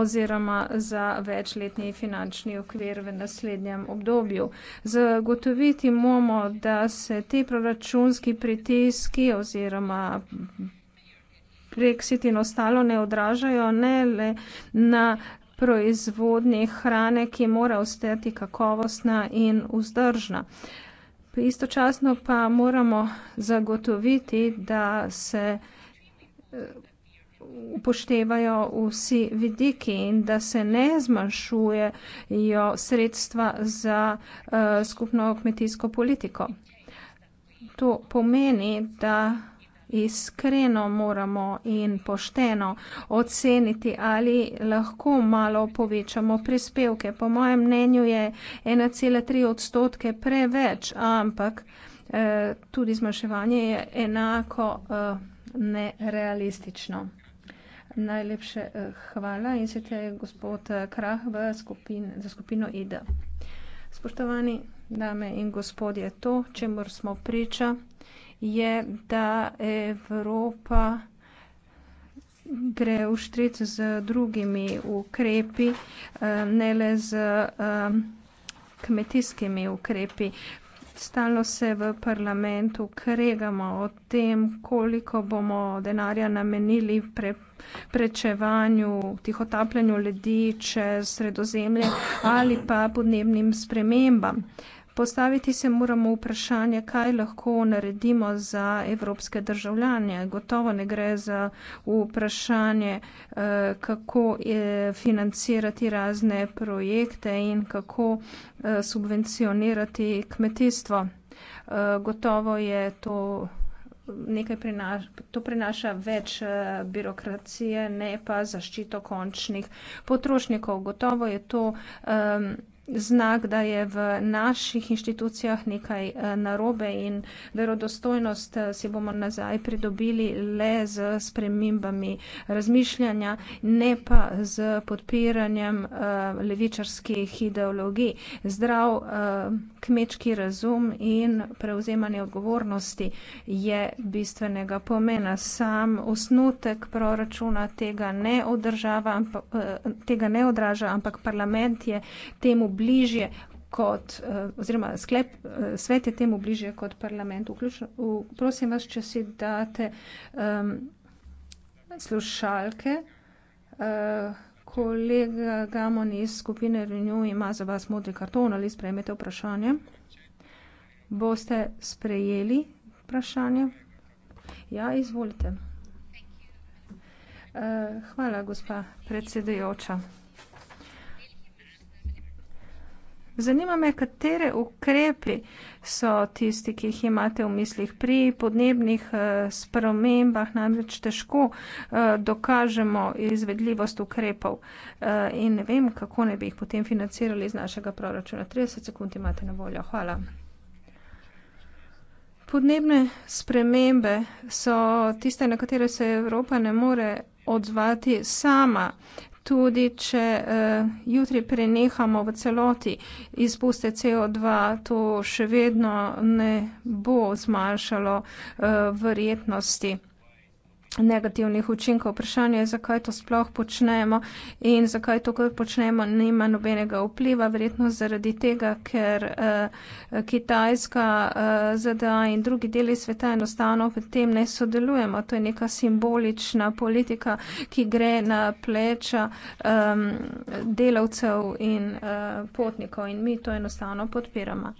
oziroma za večletni finančni okvir v naslednjem obdobju. Zagotoviti moramo, da se ti proračunski pritiski oziroma Brexit in ostalo ne odražajo ne le na proizvodnje hrane, ki mora ostati kakovostna in vzdržna. Istočasno pa moramo zagotoviti, da se eh, upoštevajo vsi vidiki in da se ne zmanjšujejo sredstva za uh, skupno kmetijsko politiko. To pomeni, da iskreno moramo in pošteno oceniti, ali lahko malo povečamo prispevke. Po mojem mnenju je 1,3 odstotke preveč, ampak eh, tudi zmaševanje je enako eh, nerealistično. Najlepše eh, hvala in se te gospod eh, Krah v skupin, za skupino ID. Spoštovani dame in gospodje, to, čemu smo priča, je, da Evropa gre v štric z drugimi ukrepi, eh, ne le z eh, kmetijskimi ukrepi. Stalno se v parlamentu kregamo o tem, koliko bomo denarja namenili pre, prečevanju, tihotapljanju ljudi čez sredozemlje ali pa podnebnim spremembam. Postaviti se moramo vprašanje, kaj lahko naredimo za evropske državljanje. Gotovo ne gre za vprašanje, eh, kako eh, financirati razne projekte in kako eh, subvencionirati kmetijstvo. Gotovo je to nekaj prinaša, to prinaša več birokracije, ne pa zaščito končnih potrošnikov. Gotovo je to. Um, znak, da je v naših inštitucijah nekaj eh, narobe in verodostojnost eh, si bomo nazaj pridobili le z spremembami razmišljanja, ne pa z podpiranjem eh, levičarskih ideologij. Zdrav kmečki razum in prevzemanje odgovornosti je bistvenega pomena. Sam osnutek proračuna tega ne, održava, tega ne odraža, ampak parlament je temu bližje kot, eh, oziroma sklep, eh, svet je temu bližje kot parlament. Vključno, v, prosim vas, če si date um, slušalke. Uh, kolega Gamon iz skupine Renew ima za vas modri karton ali sprejmete vprašanje. Boste sprejeli vprašanje? Ja, izvolite. Uh, hvala, gospa predsedujoča. Zanima me, katere ukrepi so tisti, ki jih imate v mislih pri podnebnih eh, spremembah, namreč težko eh, dokažemo izvedljivost ukrepov eh, in ne vem, kako ne bi jih potem financirali iz našega proračuna. 30 sekund imate na voljo. Hvala. Podnebne spremembe so tiste, na katere se Evropa ne more odzvati sama tudi če uh, jutri prenehamo v celoti izpuste CO2, to še vedno ne bo zmanjšalo uh, verjetnosti negativnih učinkov. Vprašanje je, zakaj to sploh počnemo in zakaj to, kar počnemo, nima nobenega vpliva. Verjetno zaradi tega, ker uh, Kitajska, uh, eh, ZDA in drugi deli sveta enostavno v tem ne sodelujemo. To je neka simbolična politika, ki gre na pleča um, delavcev in uh, potnikov in mi to enostavno podpiramo.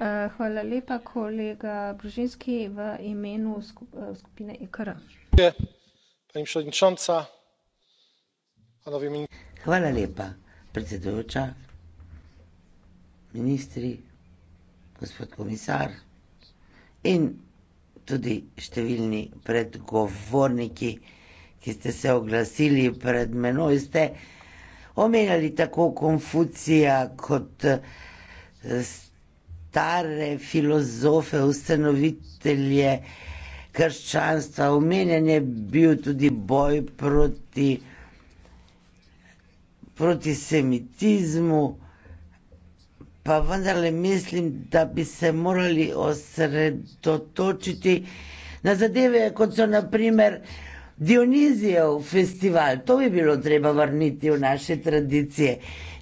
Uh, hvala lepa, kolega Bružinski, v imenu skup, uh, skupine IKR. E pani predsedujoča panovi ministri. hvala lepa predsedujoča ministri gospod komisar in tudi številni predgovorniki ki ste se oglasili pred menoj ste omenjali tako konfucija kot stare filozofe ustanovitelje krščanstva, omenjen je bil tudi boj proti, proti semitizmu, pa vendarle mislim, da bi se morali osredotočiti na zadeve, kot so naprimer Dionizijev festival. To bi bilo treba vrniti v naše tradicije.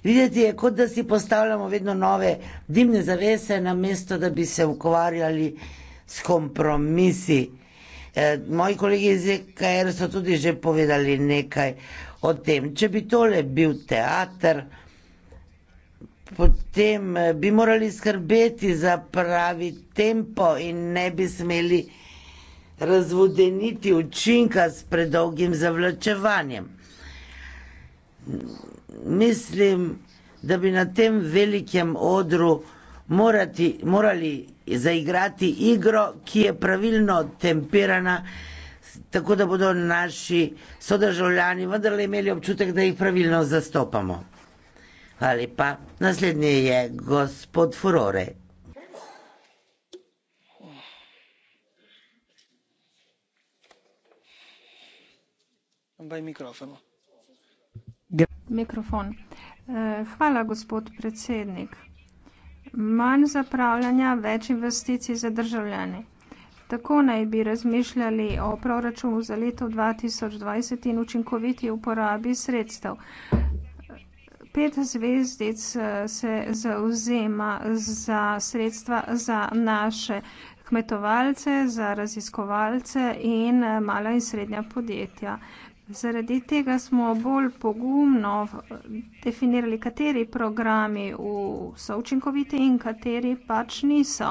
Videti je, kot da si postavljamo vedno nove dimne zavese, namesto da bi se ukvarjali s kompromisi. Eh, moji kolegi iz EKR so tudi že povedali nekaj o tem. Če bi tole bil teater, potem eh, bi morali skrbeti za pravi tempo in ne bi smeli razvodeniti učinka s predolgim zavlačevanjem. Mislim, da bi na tem velikem odru morati, morali zaigrati igro, ki je pravilno temperana, tako da bodo naši sodržavljani vendarle imeli občutek, da jih pravilno zastopamo. Hvala lepa. Naslednji je gospod Furore. Mikrofon. Eh, hvala, gospod predsednik manj zapravljanja, več investicij za državljane. Tako naj bi razmišljali o proračunu za leto 2020 in učinkoviti uporabi sredstev. Pet zvezdic eh, se zauzema za sredstva za naše kmetovalce, za raziskovalce in eh, mala in srednja podjetja. Zaradi tega smo bolj pogumno definirali, kateri programi so učinkoviti in kateri pač niso,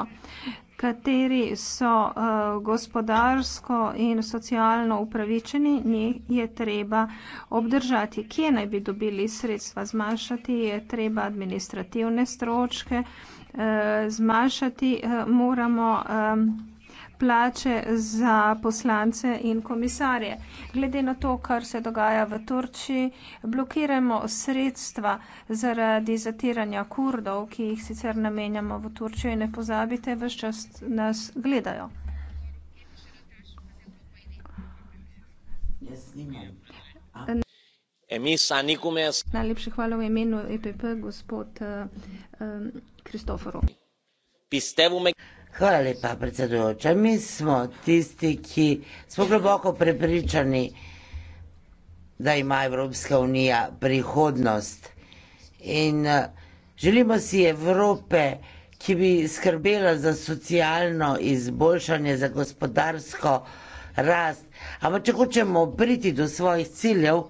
kateri so uh, gospodarsko in socialno upravičeni, njih je treba obdržati. Kje naj bi dobili sredstva zmanjšati, je treba administrativne stročke uh, eh, zmanjšati, uh, moramo. Um, plače za poslance in komisarje. Glede na to, kar se dogaja v Turčiji, blokiramo sredstva zaradi zatiranja kurdov, ki jih sicer namenjamo v Turčijo in ne pozabite, vse čas nas gledajo. Najlepša hvala v imenu EPP, gospod eh, eh, Kristoforu. Um, Hvala lepa, predsedujoča. Mi smo tisti, ki smo globoko prepričani, da ima Evropska unija prihodnost. In eh, želimo si Evrope, ki bi skrbela za socialno izboljšanje, za gospodarsko rast. Ampak če hočemo priti do svojih ciljev,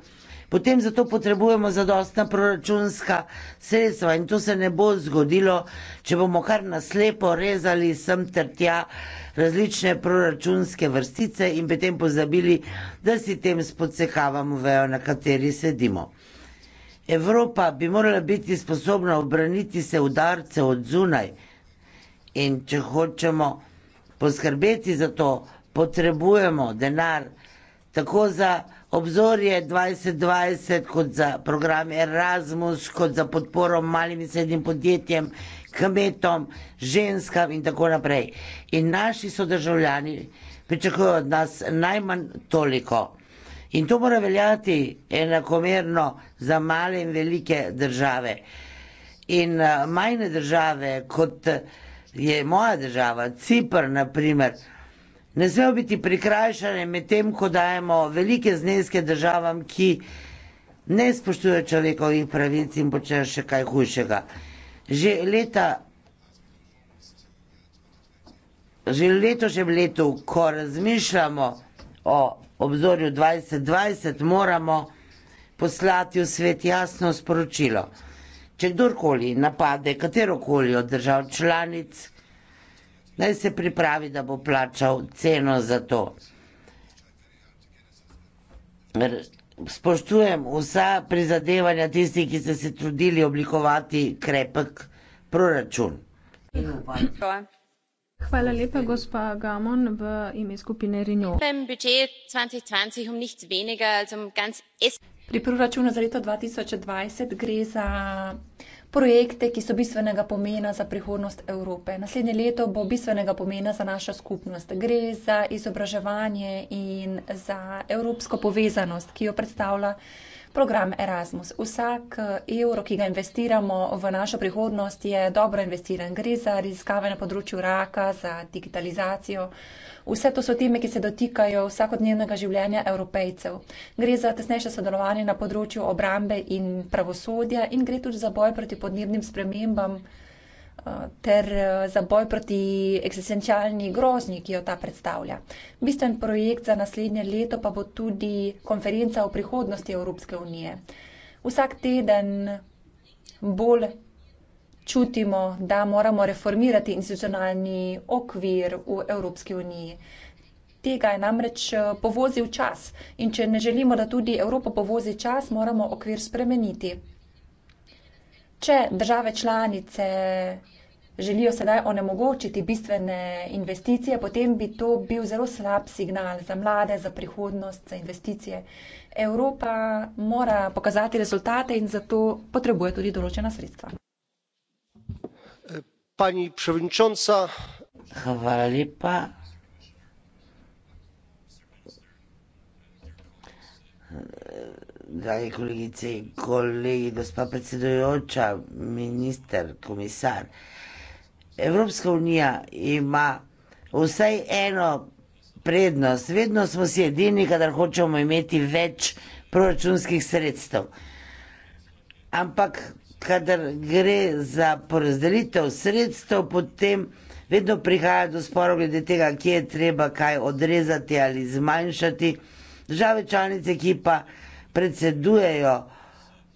potem zato potrebujemo zadostna proračunska sredstva in to se ne bo zgodilo, če bomo kar naslepo rezali sem ter tja različne proračunske vrstice in potem pozabili, da si tem spodsekavamo vejo, na kateri sedimo. Evropa bi morala biti sposobna obraniti se udarce od zunaj in če hočemo poskrbeti za to, potrebujemo denar tako za obzorje 2020 kot za program Erasmus, kot za podporo malim in srednjim podjetjem, kmetom, ženskam in tako naprej. In naši sodržavljani pričakujejo od nas najmanj toliko. In to mora veljati enakomerno za male in velike države. In eh, majne države, kot je moja država, Cipr, naprimer, ne smejo biti prikrajšane med tem, ko dajemo velike zneske državam, ki ne spoštujejo človekovih pravic in počnejo še kaj hujšega. Že leta. Že letošnjem letu, ko razmišljamo o obzorju 2020, moramo poslati v svet jasno sporočilo. Če kdorkoli napade katerokoli od držav članic, naj se pripravi, da bo plačal ceno za to. Spoštujem vsa prizadevanja tistih, ki ste se trudili oblikovati krepek proračun. Hvala lepa, gospa Gamon, v ime skupine Renew. Um um Pri proračunu za leto 2020 gre za projekte, ki so bistvenega pomena za prihodnost Evrope. Naslednje leto bo bistvenega pomena za našo skupnost. Gre za izobraževanje in za evropsko povezanost, ki jo predstavlja program Erasmus. Vsak eh, evro, ki ga investiramo v našo prihodnost, je dobro investiran. Gre za raziskave na področju raka, za digitalizacijo. Vse to so teme, ki se dotikajo vsakodnevnega življenja evropejcev. Gre za tesnejše sodelovanje na področju obrambe in pravosodja in gre tudi za boj proti podnebnim spremembam ter eh, za boj proti eksistencialni grozni, ki jo ta predstavlja. Bistven projekt za naslednje leto pa bo tudi konferenca o prihodnosti Evropske unije. Vsak teden bolj čutimo, da moramo reformirati institucionalni okvir v Evropski uniji. Tega je namreč eh, povozil čas in če ne želimo, da tudi Evropa povozi čas, moramo okvir spremeniti. Če države članice želijo sedaj onemogočiti bistvene investicije, potem bi to bil zelo slab signal za mlade, za prihodnost, za investicije. Evropa mora pokazati rezultate in zato potrebuje tudi določena sredstva. Pani predsednica. Hvala lepa. Drage kolegice in kolegi, gospod predsedujoča, minister, komisar. Evropska unija ima vsaj eno prednost. Vedno smo si edini, kadar hočemo imeti več proračunskih sredstev. Ampak, kadar gre za porazdelitev sredstev, potem vedno prihaja do sporov glede tega, kje je treba kaj odrezati ali zmanjšati. Države članice, ki pa predsedujejo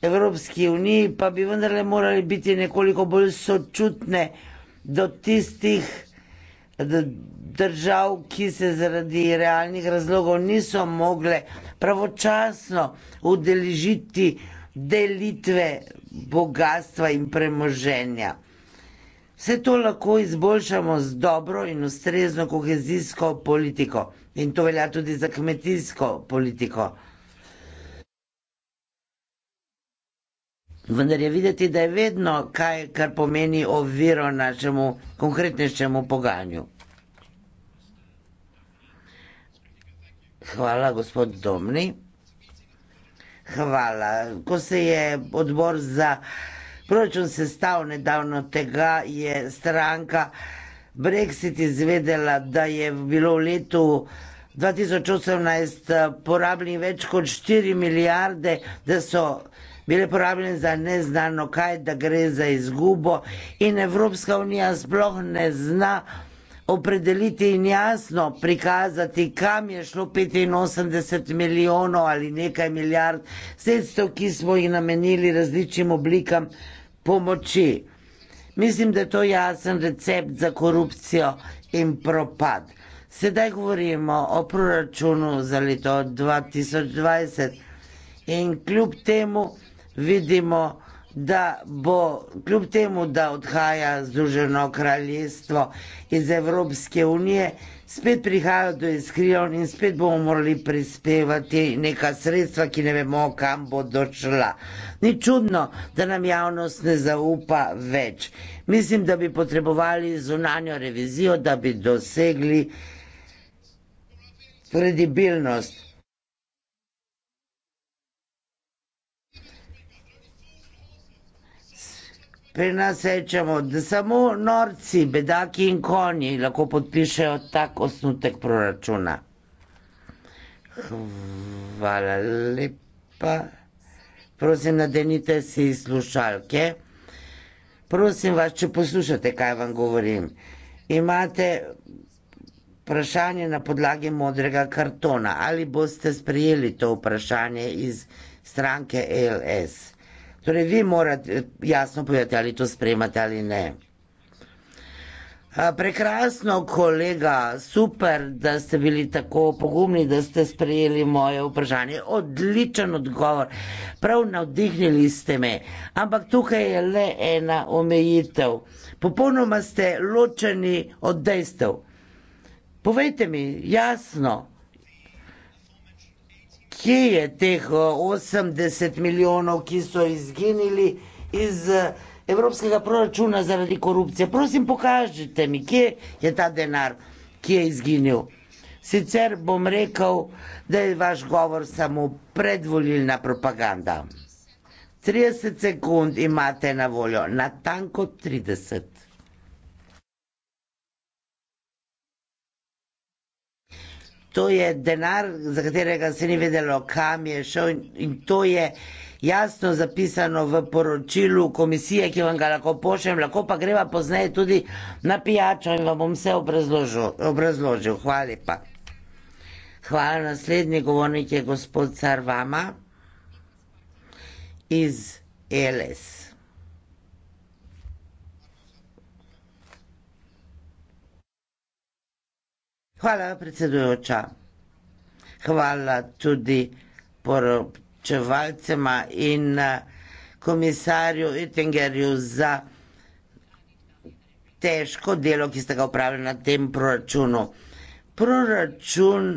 Evropski uniji, pa bi vendarle morali biti nekoliko bolj sočutne do tistih držav, ki se zaradi realnih razlogov niso mogle pravočasno udeležiti delitve bogatstva in premoženja. Vse to lahko izboljšamo z dobro in ustrezno kohezijsko politiko in to velja tudi za kmetijsko politiko. Vendar je videti, da je vedno kaj, kar pomeni oviro našemu konkretnejšemu poganju. Hvala, gospod Domni. Hvala. Ko se je odbor za proračun sestav nedavno tega, je stranka Brexit izvedela, da je bilo v letu 2018 eh, porabljeni več kot 4 milijarde, da so bile porabljene za neznano kaj, da gre za izgubo in Evropska unija sploh ne zna opredeliti in jasno prikazati, kam je šlo 85 milijonov ali nekaj milijard sredstev, ki smo jih namenili različnim oblikam pomoči. Mislim, da je to jasen recept za korupcijo in propad. Sedaj govorimo o proračunu za leto 2020 in kljub temu, vidimo, da bo kljub temu, da odhaja Združeno kraljestvo iz Evropske unije, spet prihaja do iskrijev in spet bomo morali prispevati neka sredstva, ki ne vemo, kam bo došla. Ni čudno, da nam javnost ne zaupa več. Mislim, da bi potrebovali zunanjo revizijo, da bi dosegli kredibilnost. Pri nas rečemo, da samo norci, bedaki in konji lahko podpišejo tak osnutek proračuna. Hvala lepa. Prosim, nadenite si slušalke. Prosim vas, če poslušate, kaj vam govorim. Imate vprašanje na podlagi modrega kartona. Ali boste sprejeli to vprašanje iz stranke LS? Torej, vi morate eh, jasno povedati, ali to spremate ali ne. Prekrasno, kolega, super, da ste bili tako pogumni, da ste sprejeli moje vprašanje. Odličen odgovor, prav navdihnili ste me. Ampak tukaj je le ena omejitev. Popolnoma ste ločeni od dejstev. Povejte mi jasno, kje je teh 80 eh, milijonov, ki so izginili iz eh, evropskega proračuna zaradi korupcije. Prosim, pokažite mi, kje je ta denar, ki je izginil. Sicer bom rekel, da je vaš govor samo predvolilna propaganda. 30 sekund imate na voljo, na tanko 30. to je denar, za katerega se ni vedelo, kam je šel in to je jasno zapisano v poročilu komisije, ki vam ga lahko pošljem, lahko pa greva pozneje tudi na pijačo in vam bom vse obrazložil. obrazložil. Hvala lepa. Hvala, naslednji govornik je gospod Carvama iz LS. Hvala, predsedujoča. Hvala tudi poročevalcema in eh, komisarju Ittingerju za težko delo, ki ste ga upravili na tem proračunu. Proračun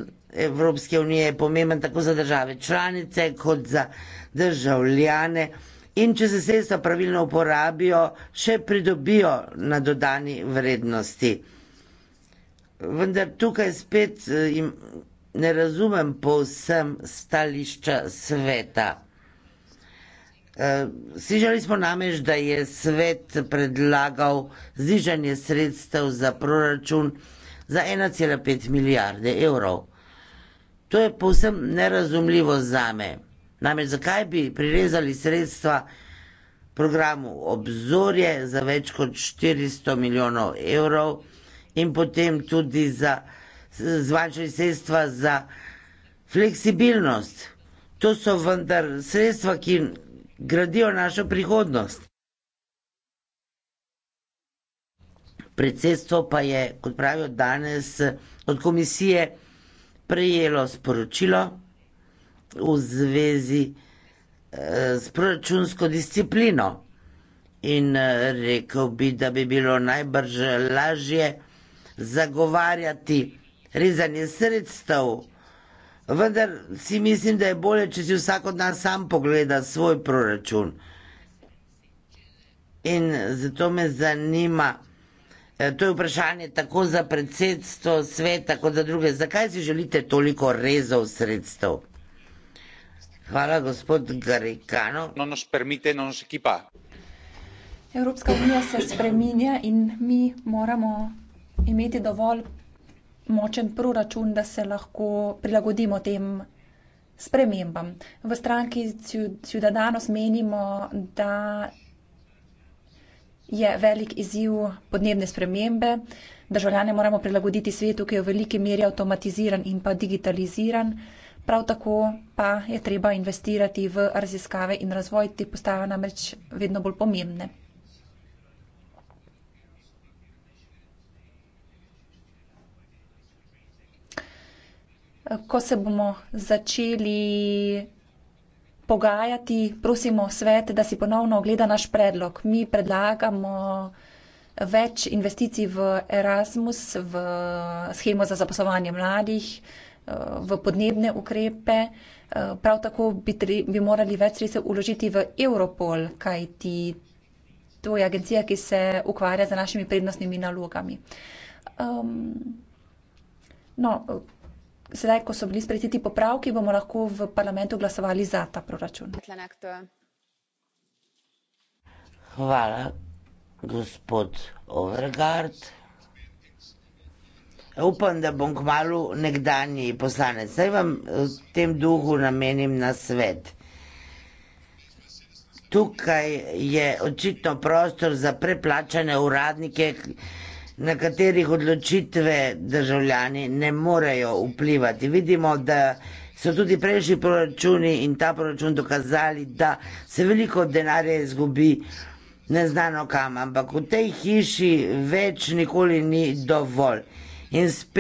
Evropske unije je pomemben tako za države članice kot za državljane in če se sredstva pravilno uporabijo, še pridobijo na dodani vrednosti vendar tukaj spet eh, ne razumem povsem stališča sveta. Eh, slišali smo namreč, da je svet predlagal znižanje sredstev za proračun za 1,5 milijarde evrov. To je povsem nerazumljivo zame. Namreč, zakaj bi prirezali sredstva programu Obzorje za več kot 400 milijonov evrov? in potem tudi za zvanjše sredstva za fleksibilnost. To so vendar sredstva, ki gradijo našo prihodnost. Predsedstvo pa je, kot pravijo danes, od komisije prejelo sporočilo v zvezi eh, s proračunsko disciplino. In eh, rekel bi, da bi bilo najbrž lažje zagovarjati rezanje sredstev, vendar si mislim, da je bolje, če si vsak od nas sam pogleda svoj proračun. In zato me zanima, e, to je vprašanje tako za predsedstvo sveta, kot za druge, zakaj si želite toliko rezov sredstev? Hvala, gospod Garikano. No, nos permite, no nos ekipa. Evropska unija se spreminja in mi moramo imeti dovolj močen proračun, da se lahko prilagodimo tem spremembam. V stranki Ciudadanos menimo, da je velik izziv podnebne spremembe. Državljane moramo prilagoditi svetu, ki je v veliki meri avtomatiziran in pa digitaliziran. Prav tako pa je treba investirati v raziskave in razvoj, ti postajajo namreč vedno bolj pomembne. ko se bomo začeli pogajati, prosimo svet, da si ponovno ogleda naš predlog. Mi predlagamo več investicij v Erasmus, v schemo za zaposlovanje mladih, v podnebne ukrepe. Prav tako bi, bi morali več sredstev uložiti v Europol, kajti to je agencija, ki se ukvarja z našimi prednostnimi nalogami. Um, no, zdaj, ko so bili sprejeti ti popravki, bomo lahko v parlamentu glasovali za ta proračun. Hvala, gospod Overgard. Upam, da bom kmalo nekdanji poslanec. Zdaj vam eh, v tem duhu namenim na svet. Tukaj je očitno prostor za preplačane uradnike, na katerih odločitve državljani ne morejo vplivati. Vidimo, da so tudi prejšnji proračuni in ta proračun dokazali, da se veliko denarja izgubi neznano kam, ampak v tej hiši več nikoli ni dovolj. In spet